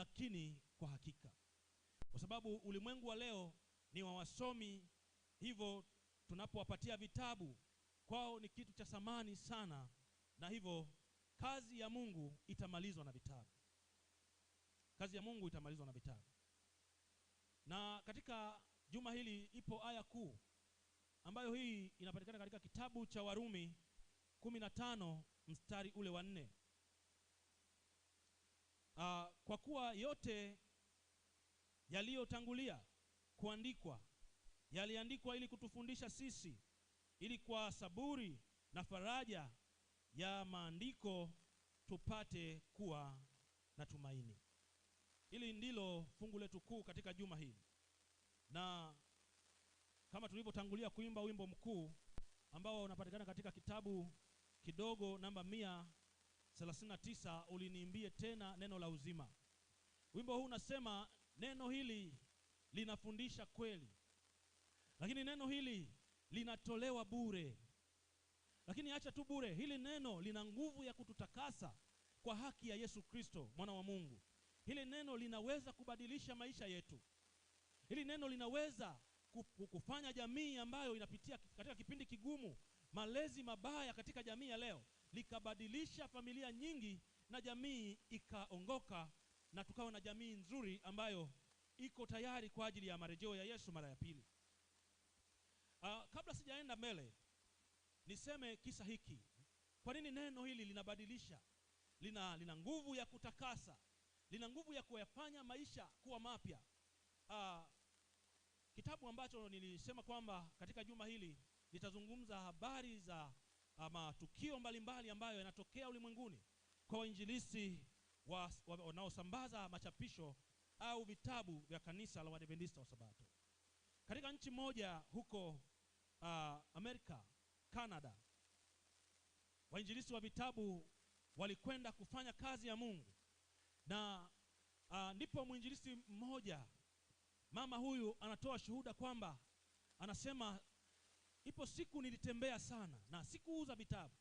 lakini kwa hakika, kwa sababu ulimwengu wa leo ni wa wasomi, hivyo tunapowapatia vitabu kwao ni kitu cha thamani sana, na hivyo kazi ya Mungu itamalizwa na vitabu. Kazi ya Mungu itamalizwa na vitabu. Na katika juma hili ipo aya kuu ambayo hii inapatikana katika kitabu cha Warumi 15 mstari ule wa nne uh, kwa kuwa yote yaliyotangulia kuandikwa yaliandikwa ili kutufundisha sisi, ili kwa saburi na faraja ya maandiko tupate kuwa na tumaini. Hili ndilo fungu letu kuu katika juma hili, na kama tulivyotangulia kuimba wimbo mkuu ambao unapatikana katika kitabu kidogo namba mia 39 uliniimbie tena neno la uzima. Wimbo huu unasema neno hili linafundisha kweli, lakini neno hili linatolewa bure. Lakini acha tu bure, hili neno lina nguvu ya kututakasa kwa haki ya Yesu Kristo mwana wa Mungu. Hili neno linaweza kubadilisha maisha yetu. Hili neno linaweza kufanya jamii ambayo inapitia katika kipindi kigumu, malezi mabaya katika jamii ya leo, likabadilisha familia nyingi na jamii ikaongoka na tukawa na jamii nzuri ambayo iko tayari kwa ajili ya marejeo ya Yesu mara ya pili. Uh, kabla sijaenda mbele niseme kisa hiki. Kwa nini neno hili linabadilisha? Lina, lina nguvu ya kutakasa, lina nguvu ya kuyafanya maisha kuwa mapya. Uh, kitabu ambacho nilisema kwamba katika juma hili nitazungumza habari za matukio mbalimbali ambayo yanatokea ulimwenguni kwa wainjilisi wanaosambaza wa, wa, machapisho au vitabu vya kanisa la Waadventista wa Sabato. Katika nchi moja huko uh, Amerika, Canada, wainjilisti wa vitabu walikwenda kufanya kazi ya Mungu na uh, ndipo mwinjilisti mmoja mama huyu anatoa shuhuda kwamba anasema Ipo siku nilitembea sana na sikuuza vitabu,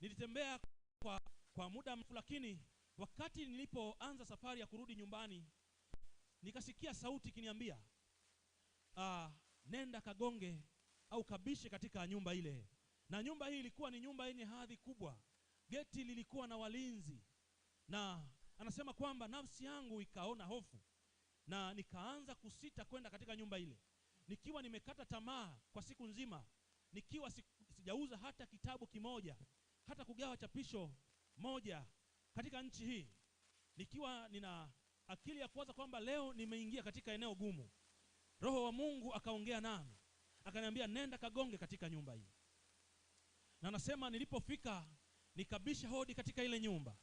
nilitembea kwa, kwa muda mrefu, lakini wakati nilipoanza safari ya kurudi nyumbani nikasikia sauti ikiniambia ah, nenda kagonge au kabishe katika nyumba ile. Na nyumba hii ilikuwa ni nyumba yenye hadhi kubwa, geti lilikuwa na walinzi, na anasema kwamba nafsi yangu ikaona hofu na nikaanza kusita kwenda katika nyumba ile nikiwa nimekata tamaa kwa siku nzima, nikiwa si, sijauza hata kitabu kimoja, hata kugawa chapisho moja katika nchi hii, nikiwa nina akili ya kuwaza kwamba leo nimeingia katika eneo gumu, Roho wa Mungu akaongea nami akaniambia, nenda kagonge katika nyumba hii. Na nasema nilipofika nikabisha hodi katika ile nyumba.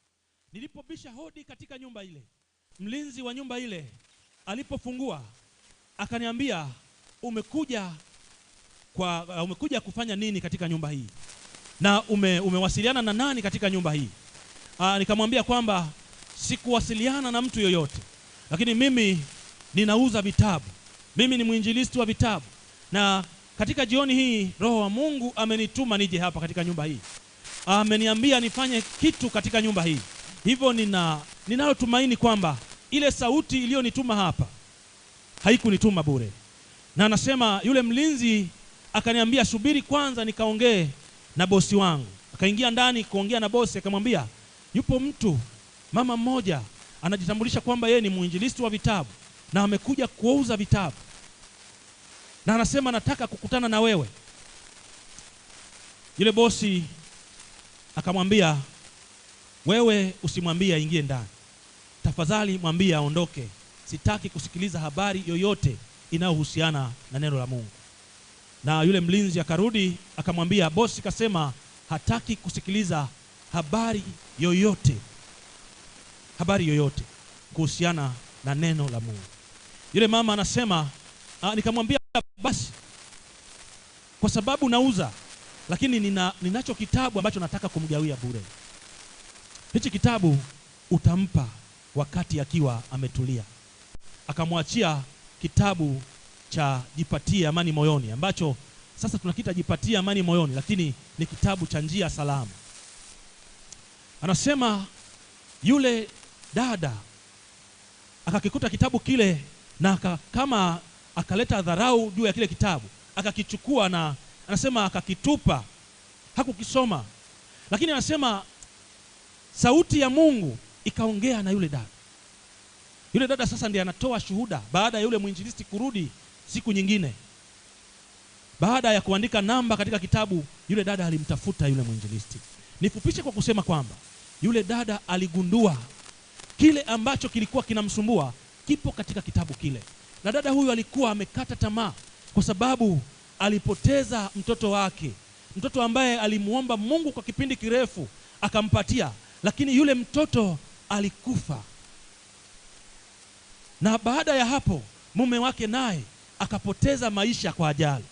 Nilipobisha hodi katika nyumba ile, mlinzi wa nyumba ile alipofungua akaniambia umekuja kwa uh, umekuja kufanya nini katika nyumba hii na ume, umewasiliana na nani katika nyumba hii uh, nikamwambia kwamba sikuwasiliana na mtu yoyote lakini mimi ninauza vitabu mimi ni mwinjilisti wa vitabu na katika jioni hii roho wa Mungu amenituma nije hapa katika nyumba hii uh, ameniambia nifanye kitu katika nyumba hii hivyo nina ninalotumaini kwamba ile sauti iliyonituma hapa haikunituma bure na anasema yule mlinzi akaniambia, subiri kwanza nikaongee na bosi wangu. Akaingia ndani kuongea na bosi, akamwambia yupo mtu mama mmoja anajitambulisha kwamba yeye ni mwinjilisti wa vitabu na amekuja kuuza vitabu, na anasema nataka kukutana na wewe. Yule bosi akamwambia, wewe usimwambie aingie ndani, tafadhali mwambie aondoke, sitaki kusikiliza habari yoyote inayohusiana na neno la Mungu. Na yule mlinzi akarudi akamwambia bosi, kasema hataki kusikiliza habari yoyote, habari yoyote kuhusiana na neno la Mungu. Yule mama anasema ah, nikamwambia, basi kwa sababu nauza, lakini nina, ninacho kitabu ambacho nataka kumgawia bure. Hichi kitabu utampa wakati akiwa ametulia. Akamwachia kitabu cha Jipatie Amani Moyoni ambacho sasa tunakita Jipatie Amani Moyoni, lakini ni kitabu cha njia salama. Anasema yule dada akakikuta kitabu kile na aka, kama akaleta dharau juu ya kile kitabu akakichukua, na anasema akakitupa, hakukisoma. Lakini anasema sauti ya Mungu ikaongea na yule dada yule dada sasa ndiye anatoa shuhuda baada ya yule mwinjilisti kurudi siku nyingine. Baada ya kuandika namba katika kitabu, yule dada alimtafuta yule mwinjilisti. Nifupishe kwa kusema kwamba yule dada aligundua kile ambacho kilikuwa kinamsumbua kipo katika kitabu kile, na dada huyu alikuwa amekata tamaa kwa sababu alipoteza mtoto wake, mtoto ambaye alimwomba Mungu kwa kipindi kirefu akampatia, lakini yule mtoto alikufa na baada ya hapo mume wake naye akapoteza maisha kwa ajali.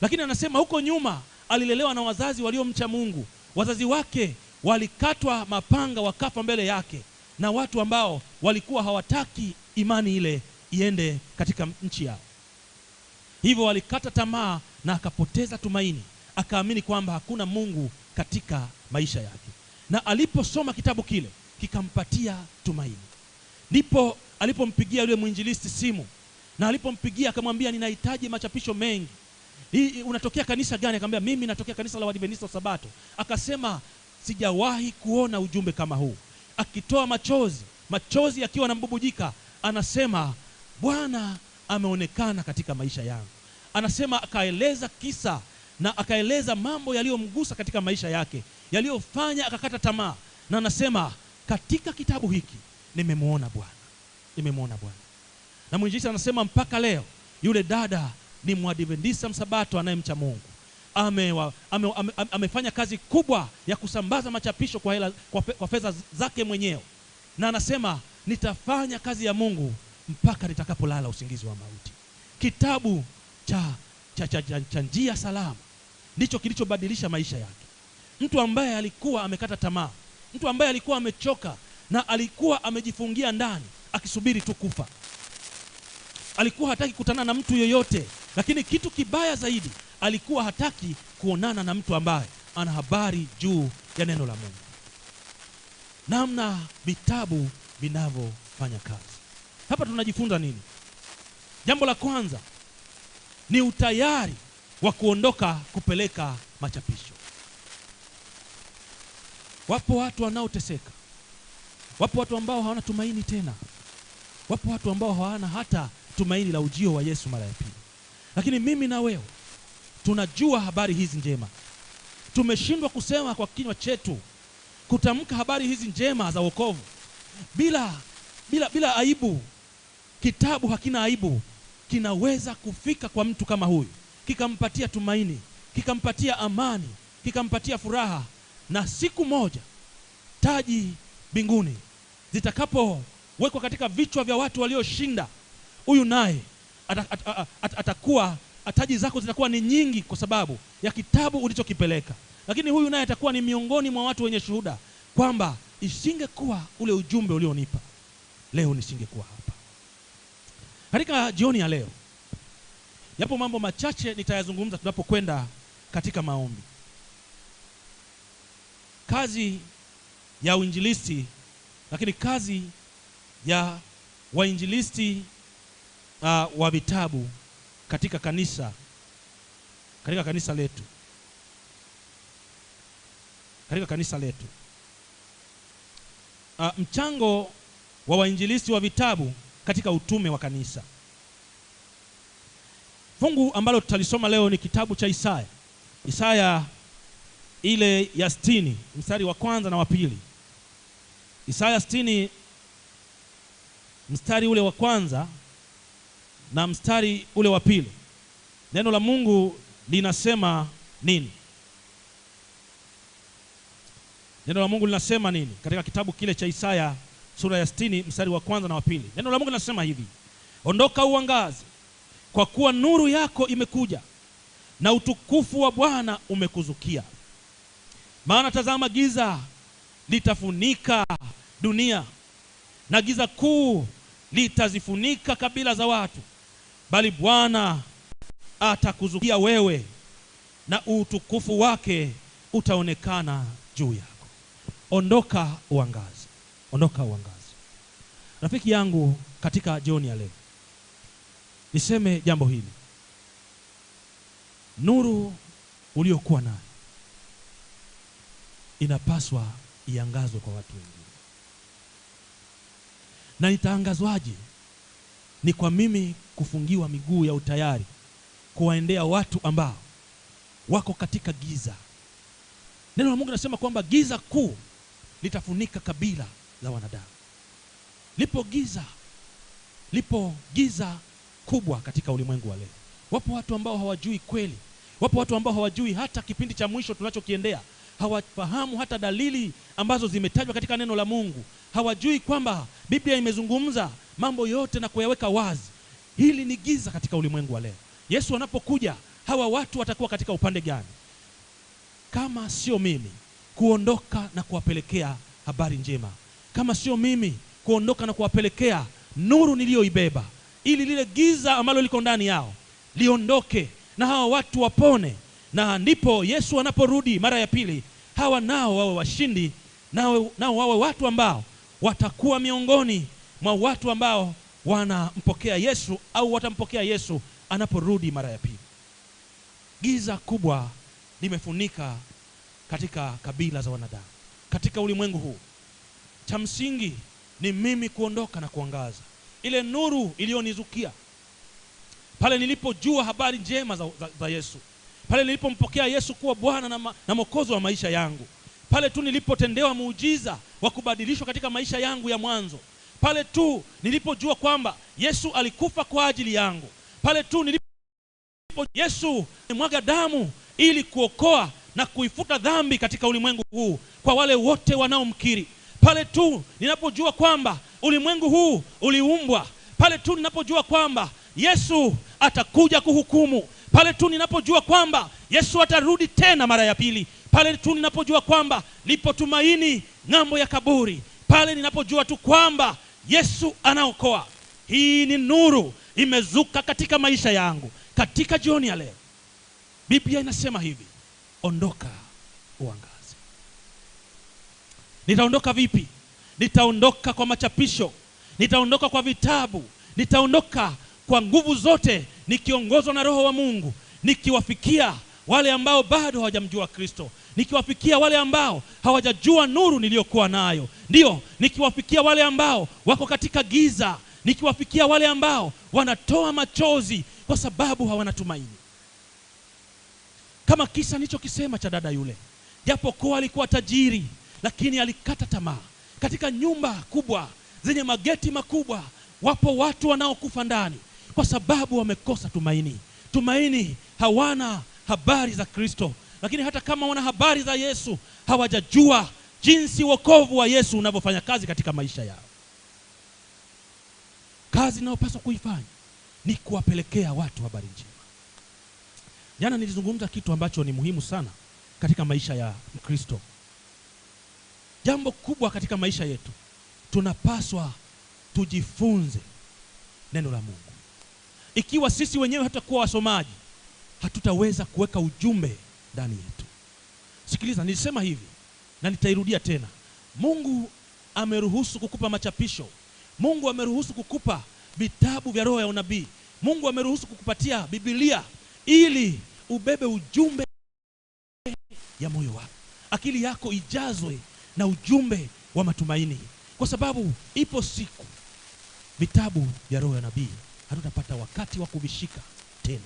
Lakini anasema huko nyuma alilelewa na wazazi waliomcha Mungu. Wazazi wake walikatwa mapanga wakafa mbele yake na watu ambao walikuwa hawataki imani ile iende katika nchi yao, hivyo walikata tamaa na akapoteza tumaini, akaamini kwamba hakuna Mungu katika maisha yake, na aliposoma kitabu kile kikampatia tumaini, ndipo alipompigia yule mwinjilisti simu na alipompigia akamwambia ninahitaji machapisho mengi hii unatokea kanisa gani akamwambia mimi natokea kanisa la wadventista wa sabato akasema sijawahi kuona ujumbe kama huu akitoa machozi machozi akiwa anambubujika anasema bwana ameonekana katika maisha yangu anasema akaeleza kisa na akaeleza mambo yaliyomgusa katika maisha yake yaliyofanya akakata tamaa na anasema katika kitabu hiki nimemwona bwana imemwona Bwana. Na mwinjilisti anasema mpaka leo yule dada ni mwadventista msabato anayemcha Mungu. Amewa, ame, ame, amefanya kazi kubwa ya kusambaza machapisho kwa, hela, kwa, kwa fedha zake mwenyewe, na anasema nitafanya kazi ya Mungu mpaka nitakapolala usingizi wa mauti. Kitabu cha, cha, cha, cha, cha Njia Salama ndicho kilichobadilisha maisha yake. Mtu ambaye alikuwa amekata tamaa, mtu ambaye alikuwa amechoka na alikuwa amejifungia ndani akisubiri tu kufa. Alikuwa hataki kutana na mtu yoyote lakini kitu kibaya zaidi, alikuwa hataki kuonana na mtu ambaye ana habari juu ya neno la Mungu, namna vitabu vinavyofanya kazi. Hapa tunajifunza nini? Jambo la kwanza ni utayari wa kuondoka kupeleka machapisho. Wapo watu wanaoteseka, wapo watu ambao hawana tumaini tena. Wapo watu ambao hawana hata tumaini la ujio wa Yesu mara ya pili, lakini mimi na wewe tunajua habari hizi njema. Tumeshindwa kusema kwa kinywa chetu, kutamka habari hizi njema za wokovu bila, bila, bila aibu. Kitabu hakina aibu, kinaweza kufika kwa mtu kama huyu kikampatia tumaini, kikampatia amani, kikampatia furaha, na siku moja taji mbinguni zitakapo wekwa katika vichwa vya watu walioshinda, huyu naye at, at, at, at, atakuwa ataji zako zitakuwa ni nyingi kwa sababu ya kitabu ulichokipeleka, lakini huyu naye atakuwa ni miongoni mwa watu wenye shuhuda kwamba isingekuwa ule ujumbe ulionipa leo nisingekuwa hapa. Katika jioni ya leo, yapo mambo machache nitayazungumza tunapokwenda katika maombi. Kazi ya uinjilisti, lakini kazi ya wainjilisti uh, wa vitabu katika kanisa katika kanisa letu katika kanisa letu uh, mchango wa wainjilisti wa vitabu katika utume wa kanisa. Fungu ambalo tutalisoma leo ni kitabu cha Isaya, Isaya ile ya sitini mstari wa kwanza na wa pili. Isaya sitini mstari ule wa kwanza na mstari ule wa pili neno la Mungu linasema nini? Neno la Mungu linasema nini katika kitabu kile cha Isaya sura ya sitini mstari wa kwanza na wa pili? Neno la Mungu linasema hivi, ondoka uangaze, kwa kuwa nuru yako imekuja na utukufu wa Bwana umekuzukia. Maana tazama, giza litafunika dunia na giza kuu litazifunika kabila za watu, bali Bwana atakuzukia wewe na utukufu wake utaonekana juu yako. Ondoka uangaze, ondoka uangaze. Rafiki yangu, katika jioni ya leo niseme jambo hili: nuru uliokuwa nayo inapaswa iangazwe kwa watu wengi na nitaangazwaje? Ni kwa mimi kufungiwa miguu ya utayari kuwaendea watu ambao wako katika giza. Neno la Mungu linasema kwamba giza kuu litafunika kabila la wanadamu. Lipo giza, lipo giza kubwa katika ulimwengu wa leo. Wapo watu ambao hawajui kweli, wapo watu ambao hawajui hata kipindi cha mwisho tunachokiendea hawafahamu hata dalili ambazo zimetajwa katika neno la Mungu. Hawajui kwamba Biblia imezungumza mambo yote na kuyaweka wazi. Hili ni giza katika ulimwengu wa leo. Yesu anapokuja, hawa watu watakuwa katika upande gani? Kama sio mimi kuondoka na kuwapelekea habari njema, kama sio mimi kuondoka na kuwapelekea nuru niliyoibeba, ili lile giza ambalo liko ndani yao liondoke na hawa watu wapone na ndipo Yesu anaporudi mara ya pili, hawa nao wawe washindi, nao, wawe watu ambao watakuwa miongoni mwa watu ambao wanampokea Yesu au watampokea Yesu anaporudi mara ya pili. Giza kubwa limefunika katika kabila za wanadamu katika ulimwengu huu. Cha msingi ni mimi kuondoka na kuangaza ile nuru iliyonizukia pale nilipojua habari njema za, za, za Yesu pale nilipompokea Yesu kuwa Bwana na, na mokozo wa maisha yangu, pale tu nilipotendewa muujiza wa kubadilishwa katika maisha yangu ya mwanzo, pale tu nilipojua kwamba Yesu alikufa kwa ajili yangu, pale tu nilipo Yesu mwaga damu ili kuokoa na kuifuta dhambi katika ulimwengu huu kwa wale wote wanaomkiri, pale tu ninapojua kwamba ulimwengu huu uliumbwa, pale tu ninapojua kwamba Yesu atakuja kuhukumu pale tu ninapojua kwamba Yesu atarudi tena mara ya pili, pale tu ninapojua kwamba lipo tumaini ng'ambo ya kaburi, pale ninapojua tu kwamba Yesu anaokoa. Hii ni nuru imezuka katika maisha yangu katika jioni ya leo. Biblia inasema hivi, ondoka uangaze. Nitaondoka vipi? Nitaondoka kwa machapisho, nitaondoka kwa vitabu, nitaondoka kwa nguvu zote nikiongozwa na Roho wa Mungu, nikiwafikia wale ambao bado hawajamjua Kristo, nikiwafikia wale ambao hawajajua nuru niliyokuwa nayo, ndiyo, nikiwafikia wale ambao wako katika giza, nikiwafikia wale ambao wanatoa machozi kwa sababu hawana tumaini, kama kisa nilichokisema cha dada yule. Japokuwa alikuwa tajiri, lakini alikata tamaa. Katika nyumba kubwa zenye mageti makubwa, wapo watu wanaokufa ndani kwa sababu wamekosa tumaini tumaini hawana habari za kristo lakini hata kama wana habari za yesu hawajajua jinsi wokovu wa yesu unavyofanya kazi katika maisha yao kazi inayopaswa kuifanya ni kuwapelekea watu habari njema jana nilizungumza kitu ambacho ni muhimu sana katika maisha ya mkristo jambo kubwa katika maisha yetu tunapaswa tujifunze neno la mungu ikiwa sisi wenyewe hatutakuwa wasomaji hatutaweza kuweka ujumbe ndani yetu sikiliza nilisema hivi na nitairudia tena mungu ameruhusu kukupa machapisho mungu ameruhusu kukupa vitabu vya roho ya unabii mungu ameruhusu kukupatia bibilia ili ubebe ujumbe ya moyo wako akili yako ijazwe na ujumbe wa matumaini kwa sababu ipo siku vitabu vya roho ya nabii hatutapata wakati wa kuvishika tena.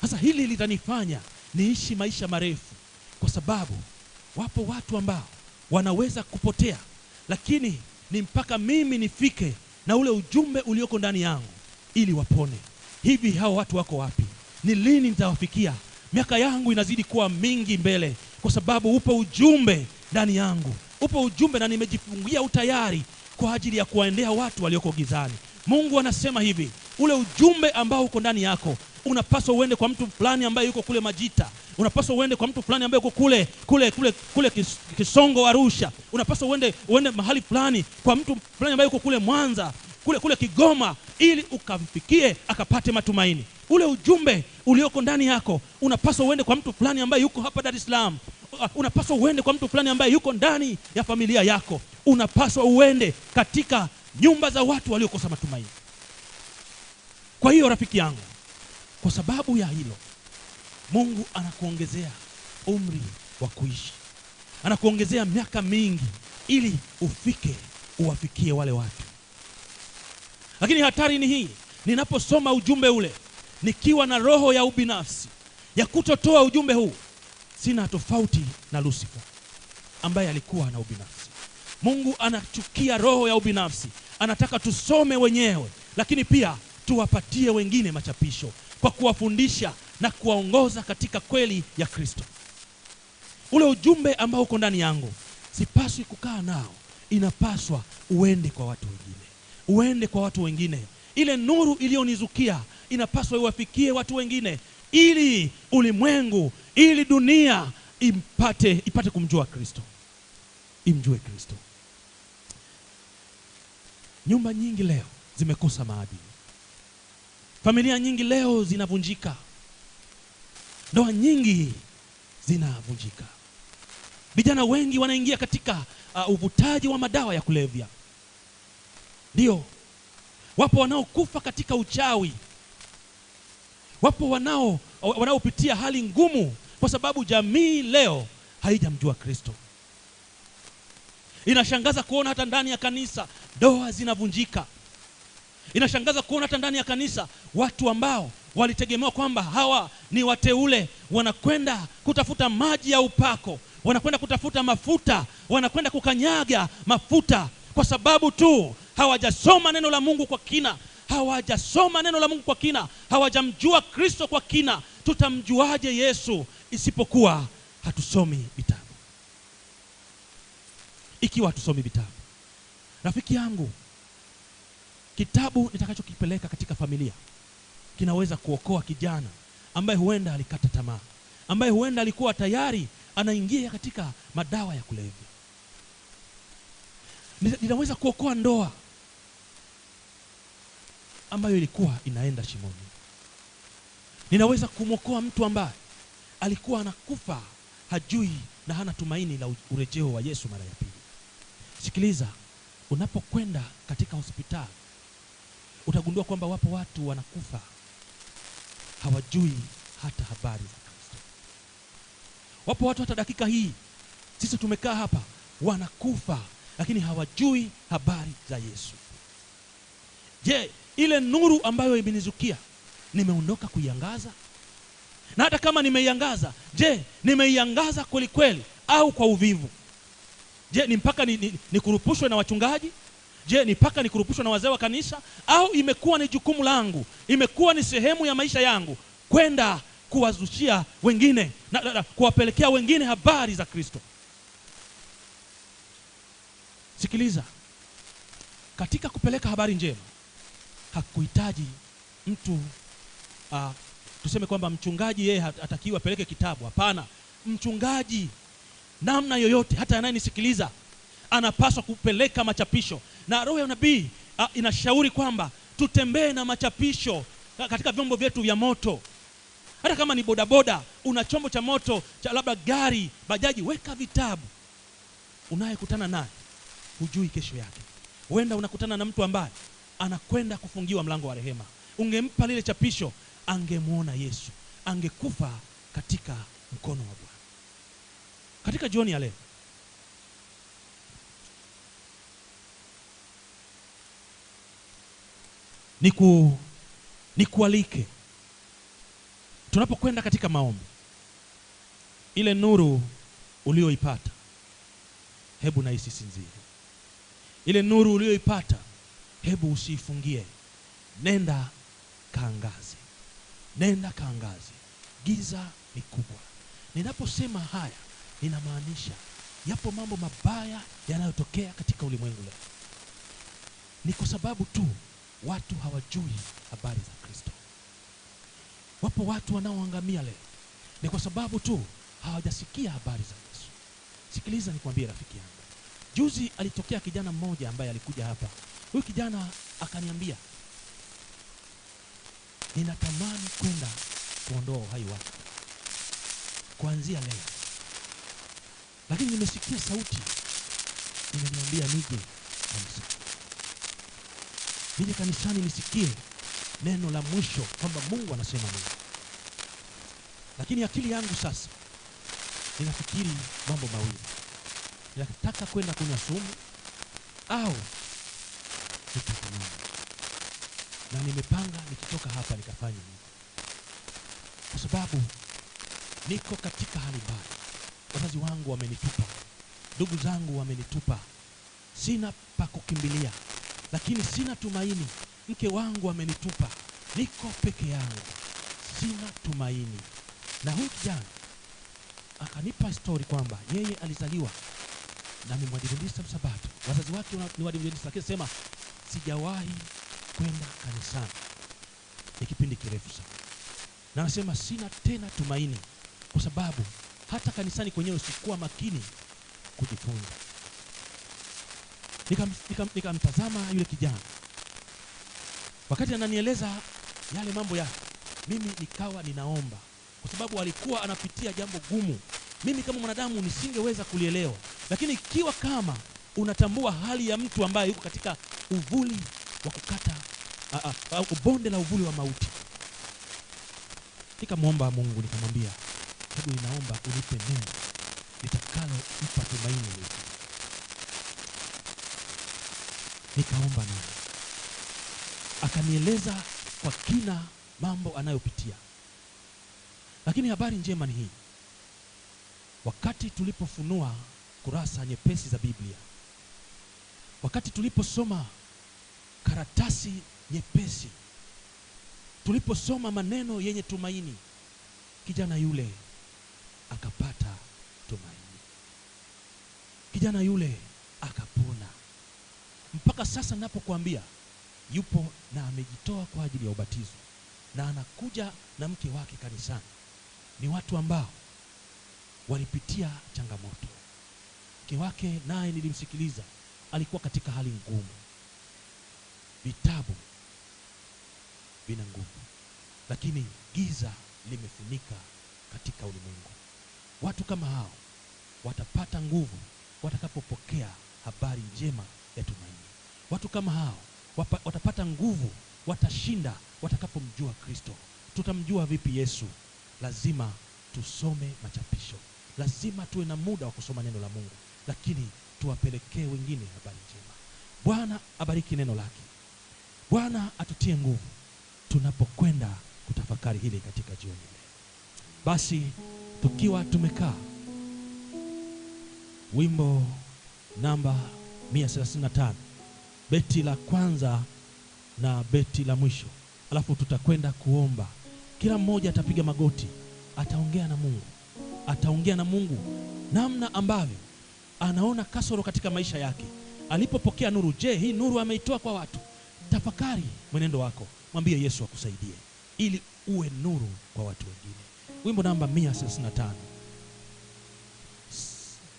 Sasa hili litanifanya niishi maisha marefu, kwa sababu wapo watu ambao wanaweza kupotea, lakini ni mpaka mimi nifike na ule ujumbe ulioko ndani yangu ili wapone. Hivi hao watu wako wapi? Ni lini nitawafikia? Miaka yangu inazidi kuwa mingi mbele, kwa sababu upo ujumbe ndani yangu, upo ujumbe na nimejifungia utayari kwa ajili ya kuwaendea watu walioko gizani. Mungu anasema hivi, ule ujumbe ambao uko ndani yako unapaswa uende kwa mtu fulani ambaye yuko kule Majita, unapaswa uende kwa mtu fulani ambaye yuko kule kule kule kule kis, Kisongo Arusha, unapaswa uende uende mahali fulani kwa mtu fulani ambaye yuko kule Mwanza kule kule Kigoma, ili ukamfikie akapate matumaini. Ule ujumbe ulioko ndani yako unapaswa uende kwa mtu fulani ambaye yuko hapa Dar es Salaam, unapaswa uende kwa mtu fulani ambaye yuko ndani ya familia yako, unapaswa uende katika nyumba za watu waliokosa matumaini. Kwa hiyo rafiki yangu, kwa sababu ya hilo, Mungu anakuongezea umri wa kuishi, anakuongezea miaka mingi ili ufike uwafikie wale watu. Lakini hatari ni hii, ninaposoma ujumbe ule nikiwa na roho ya ubinafsi ya kutotoa ujumbe huu, sina tofauti na Lusifa ambaye alikuwa na ubinafsi. Mungu anachukia roho ya ubinafsi, anataka tusome wenyewe, lakini pia tuwapatie wengine machapisho kwa kuwafundisha na kuwaongoza katika kweli ya Kristo. Ule ujumbe ambao uko ndani yangu sipaswi kukaa nao, inapaswa uende kwa watu wengine, uende kwa watu wengine. Ile nuru iliyonizukia inapaswa iwafikie watu wengine, ili ulimwengu, ili dunia impate ipate kumjua Kristo imjue Kristo. Nyumba nyingi leo zimekosa maadili, familia nyingi leo zinavunjika, ndoa nyingi zinavunjika, vijana wengi wanaingia katika uh, uvutaji wa madawa ya kulevya. Ndio wapo wanaokufa katika uchawi, wapo wanao wanaopitia hali ngumu, kwa sababu jamii leo haijamjua Kristo. Inashangaza kuona hata ndani ya kanisa doa zinavunjika. Inashangaza kuona hata ndani ya kanisa watu ambao walitegemewa kwamba hawa ni wateule, wanakwenda kutafuta maji ya upako, wanakwenda kutafuta mafuta, wanakwenda kukanyaga mafuta kwa sababu tu hawajasoma neno la Mungu kwa kina, hawajasoma neno la Mungu kwa kina, hawajamjua Kristo kwa kina. Tutamjuaje Yesu isipokuwa hatusomi Biblia? ikiwa hatusomi vitabu rafiki yangu kitabu nitakachokipeleka katika familia kinaweza kuokoa kijana ambaye huenda alikata tamaa ambaye huenda alikuwa tayari anaingia katika madawa ya kulevya ninaweza kuokoa ndoa ambayo ilikuwa inaenda shimoni ninaweza kumwokoa mtu ambaye alikuwa anakufa hajui na hana tumaini la urejeo wa yesu mara ya pili Sikiliza, unapokwenda katika hospitali utagundua kwamba wapo watu wanakufa hawajui hata habari za Kristo. Wapo watu hata dakika hii sisi tumekaa hapa wanakufa, lakini hawajui habari za Yesu. Je, ile nuru ambayo imenizukia nimeondoka kuiangaza? Na hata kama nimeiangaza, je, nimeiangaza kweli kweli au kwa uvivu? Je, ni mpaka nikurupushwe ni, ni na wachungaji? Je, ni mpaka nikurupushwe na wazee wa kanisa? Au imekuwa ni jukumu langu, imekuwa ni sehemu ya maisha yangu kwenda kuwazushia wengine na, na, na kuwapelekea wengine habari za Kristo? Sikiliza, katika kupeleka habari njema hakuhitaji mtu uh, tuseme kwamba mchungaji yeye hatakiwi apeleke kitabu. Hapana, mchungaji namna yoyote hata anayenisikiliza anapaswa kupeleka machapisho na roho ya unabii inashauri kwamba tutembee na machapisho katika vyombo vyetu vya moto hata kama ni bodaboda una chombo cha moto cha labda gari bajaji weka vitabu unayekutana naye hujui kesho yake huenda unakutana na mtu ambaye anakwenda kufungiwa mlango wa rehema ungempa lile chapisho angemwona yesu angekufa katika mkono wa bwana katika jioni ya leo. Niku nikualike tunapokwenda katika maombi, ile nuru ulioipata hebu na isisinzie. Ile nuru ulioipata hebu usiifungie, nenda kaangaze, nenda kaangaze. Giza ni kubwa. Ninaposema haya inamaanisha yapo mambo mabaya yanayotokea katika ulimwengu leo. Ni kwa sababu tu watu hawajui habari za Kristo. Wapo watu wanaoangamia leo, ni kwa sababu tu hawajasikia habari za Yesu. Sikiliza nikwambie, rafiki yangu, juzi alitokea kijana mmoja ambaye alikuja hapa. Huyu kijana akaniambia, ninatamani kwenda kuondoa uhai wake kuanzia leo lakini nimesikia sauti inaniambia nije kanisa nije kanisani nisikie neno la mwisho kwamba Mungu anasema nini. Lakini akili yangu sasa ninafikiri mambo mawili, nataka kwenda kunywa sumu au nitakunywa, na nimepanga nikitoka hapa nikafanya hivi, kwa sababu niko katika hali mbaya wazazi wangu wamenitupa, ndugu zangu wamenitupa, sina pa kukimbilia, lakini sina tumaini. Mke wangu amenitupa, niko peke yangu, sina tumaini. Na huyu kijana akanipa stori kwamba yeye alizaliwa na ni mwadventista Msabato, wazazi wake ni Waadventista, lakini sema sijawahi kwenda kanisani, ni kipindi kirefu sana, na anasema sina tena tumaini kwa sababu hata kanisani kwenyewe sikuwa makini kujifunza nikamtazama nika, nika yule kijana wakati ananieleza yale mambo yake mimi nikawa ninaomba kwa sababu alikuwa anapitia jambo gumu mimi kama mwanadamu nisingeweza kulielewa lakini ikiwa kama unatambua hali ya mtu ambaye yuko katika uvuli wa kukata a, a, a, bonde la uvuli wa mauti nikamwomba mungu nikamwambia hebu ninaomba unipe neno litakalo mpa tumaini letu. Nikaomba naye akanieleza kwa kina mambo anayopitia, lakini habari njema ni hii: wakati tulipofunua kurasa nyepesi za Biblia, wakati tuliposoma karatasi nyepesi, tuliposoma maneno yenye tumaini, kijana yule akapata tumaini. Kijana yule akapona. Mpaka sasa ninapokuambia, yupo na amejitoa kwa ajili ya ubatizo na anakuja na mke wake kanisani. Ni watu ambao walipitia changamoto. Mke wake naye nilimsikiliza, alikuwa katika hali ngumu. Vitabu vina nguvu, lakini giza limefunika katika ulimwengu. Watu kama hao watapata nguvu watakapopokea habari njema ya tumaini. Watu kama hao wapa, watapata nguvu, watashinda watakapomjua Kristo. Tutamjua vipi Yesu? Lazima tusome machapisho, lazima tuwe na muda wa kusoma neno la Mungu, lakini tuwapelekee wengine habari njema. Bwana abariki neno lake. Bwana atutie nguvu tunapokwenda kutafakari hili katika jioni leo. Basi tukiwa tumekaa. Wimbo namba 135 beti la kwanza na beti la mwisho, alafu tutakwenda kuomba. Kila mmoja atapiga magoti, ataongea na Mungu, ataongea na Mungu namna ambavyo anaona kasoro katika maisha yake alipopokea nuru. Je, hii nuru ameitoa kwa watu? Tafakari mwenendo wako, mwambie Yesu akusaidie ili uwe nuru kwa watu wengine wimbo namba 135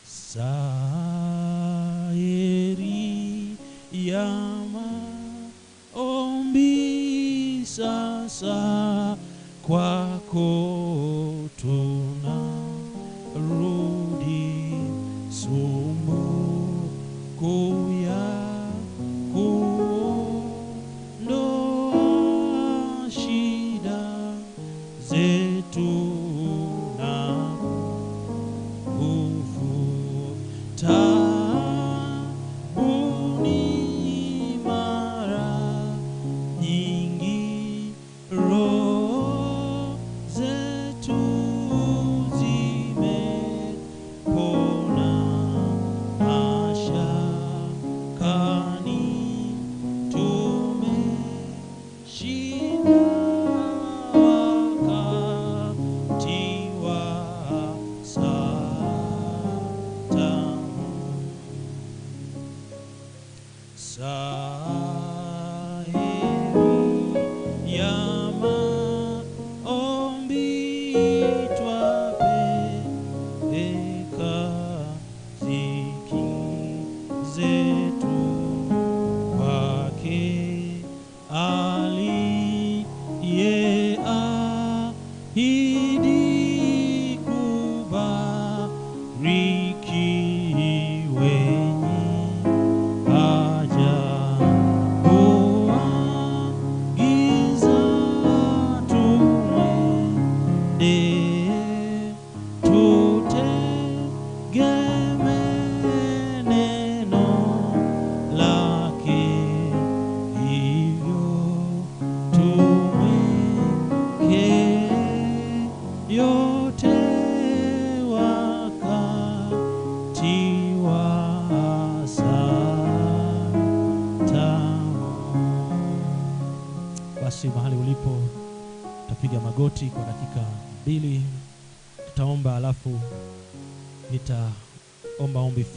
saeri ya maombi sasa kwako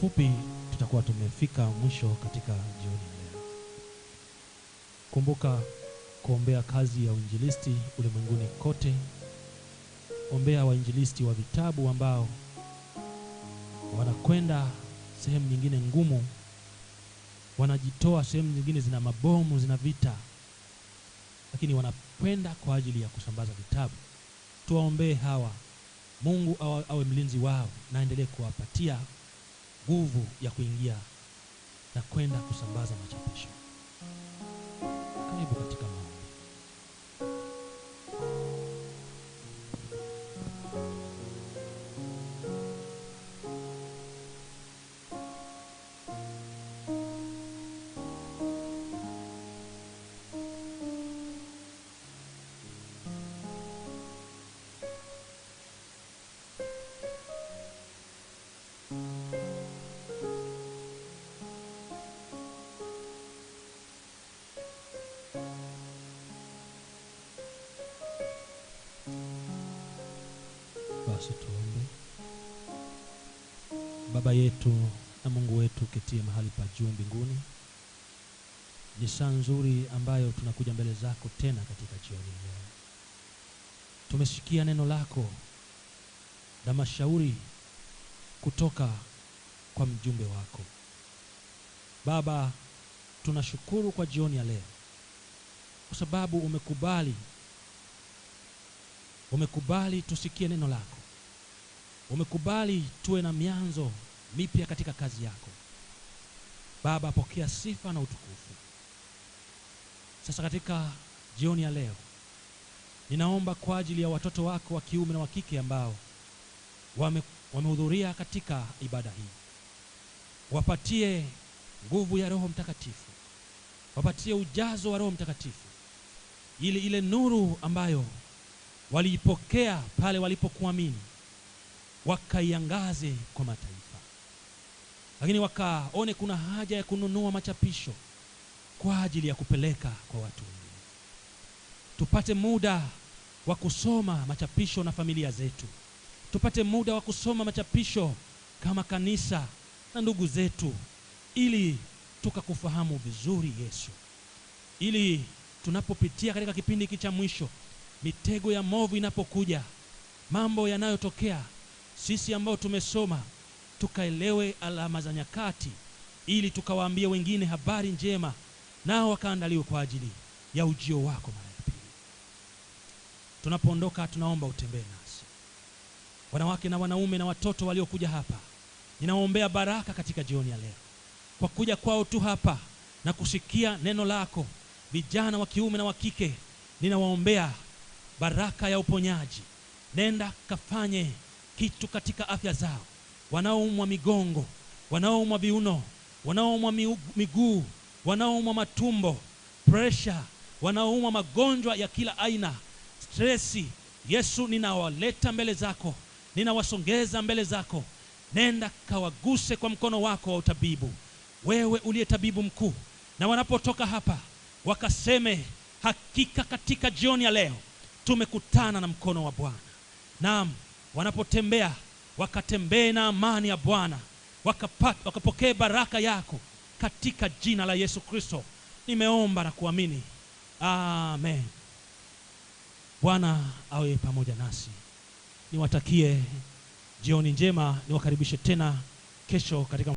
kifupi tutakuwa tumefika mwisho katika jioni leo. Kumbuka kuombea kazi ya uinjilisti ulimwenguni kote. Ombea wainjilisti wa vitabu ambao wanakwenda sehemu nyingine ngumu, wanajitoa sehemu nyingine zina mabomu, zina vita, lakini wanakwenda kwa ajili ya kusambaza vitabu. Tuwaombee hawa, Mungu awe mlinzi wao na aendelee kuwapatia nguvu ya kuingia na kwenda kusambaza machapisho. Karibu katika Baba yetu na Mungu wetu uketie mahali pa juu mbinguni, ni saa nzuri ambayo tunakuja mbele zako tena katika jioni leo. Tumesikia neno lako na mashauri kutoka kwa mjumbe wako Baba. Tunashukuru kwa jioni ya leo kwa sababu umekubali, umekubali tusikie neno lako umekubali tuwe na mianzo mipya katika kazi yako Baba. Pokea sifa na utukufu. Sasa katika jioni ya leo, ninaomba kwa ajili ya watoto wako wa kiume na wa kike ambao wame wamehudhuria katika ibada hii, wapatie nguvu ya Roho Mtakatifu, wapatie ujazo wa Roho Mtakatifu, ili ile nuru ambayo waliipokea pale walipokuamini wakaiangaze kwa mataifa, lakini wakaone kuna haja ya kununua machapisho kwa ajili ya kupeleka kwa watu wengine. Tupate muda wa kusoma machapisho na familia zetu, tupate muda wa kusoma machapisho kama kanisa na ndugu zetu, ili tukakufahamu vizuri Yesu, ili tunapopitia katika kipindi hiki cha mwisho, mitego ya movu inapokuja, mambo yanayotokea sisi ambao tumesoma tukaelewe alama za nyakati, ili tukawaambie wengine habari njema, nao wakaandaliwe kwa ajili ya ujio wako mara ya pili. Tunapoondoka tunaomba utembee nasi, wanawake na wanaume na watoto waliokuja hapa. Ninawaombea baraka katika jioni ya leo, kwa kuja kwao tu hapa na kusikia neno lako. Vijana wa kiume na wa kike, ninawaombea baraka ya uponyaji. Nenda kafanye kitu katika afya zao, wanaoumwa migongo, wanaoumwa viuno, wanaoumwa miguu, wanaoumwa matumbo, presha, wanaoumwa magonjwa ya kila aina, stresi. Yesu, ninawaleta mbele zako, ninawasongeza mbele zako. Nenda kawaguse kwa mkono wako wa utabibu, wewe uliye tabibu mkuu, na wanapotoka hapa wakaseme, hakika katika jioni ya leo tumekutana na mkono wa Bwana. Naam wanapotembea wakatembee na amani ya Bwana, wakapokee baraka yako katika jina la Yesu Kristo. Nimeomba na kuamini, amen. Bwana awe pamoja nasi. Niwatakie jioni njema, niwakaribishe tena kesho katika